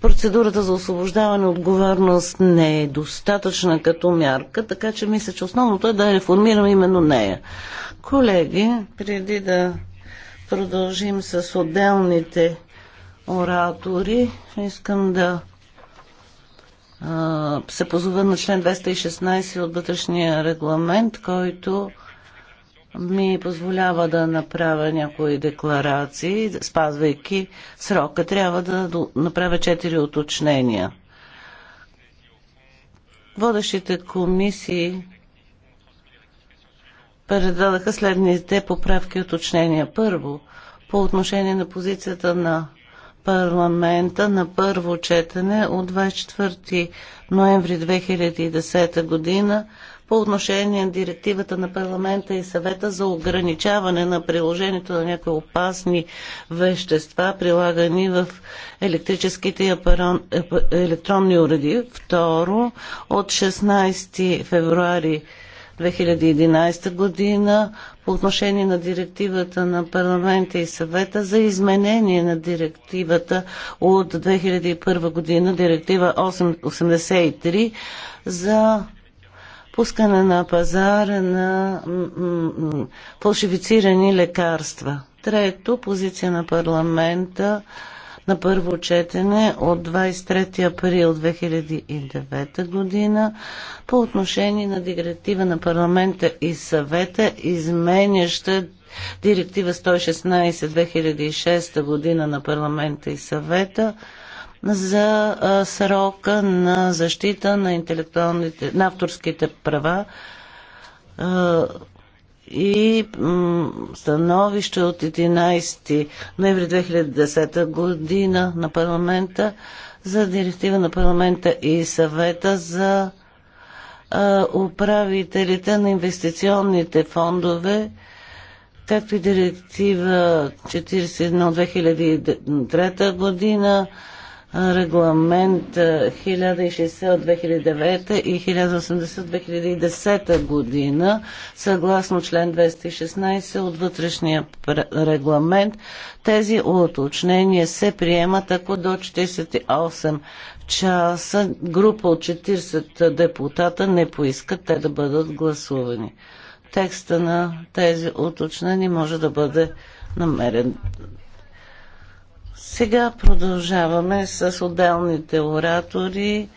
процедурата за освобождаване отговорност не е достатъчна като мярка, така че мисля, че основното е да реформираме именно нея. Колеги, преди да продължим с отделните оратори, искам да а, се позова на член 216 от вътрешния регламент, който ми позволява да направя някои декларации, спазвайки срока. Трябва да направя четири уточнения. Водещите комисии предадаха следните поправки и уточнения. Първо, по отношение на позицията на парламента на първо четене от 24 ноември 2010 година по отношение на директивата на парламента и съвета за ограничаване на приложението на някои опасни вещества, прилагани в електрическите и апарон... електронни уреди. Второ, от 16 февруари 2011 година по отношение на директивата на парламента и съвета за изменение на директивата от 2001 година, директива 883 за пускане на пазара на фалшифицирани лекарства. Трето, позиция на парламента на първо четене от 23 април 2009 година по отношение на директива на парламента и съвета, изменяща директива 116-2006 година на парламента и съвета за срока на защита на интелектуалните, на авторските права и становище от 11 ноември 2010 година на парламента за директива на парламента и съвета за а, управителите на инвестиционните фондове, както и директива 41 2003 година регламент 1060 от 2009 и 1080 от 2010 година, съгласно член 216 от вътрешния регламент. Тези уточнения се приемат ако до 48 часа група от 40 депутата не поискат те да бъдат гласувани. Текста на тези уточнения може да бъде намерен сега продължаваме с отделните оратори.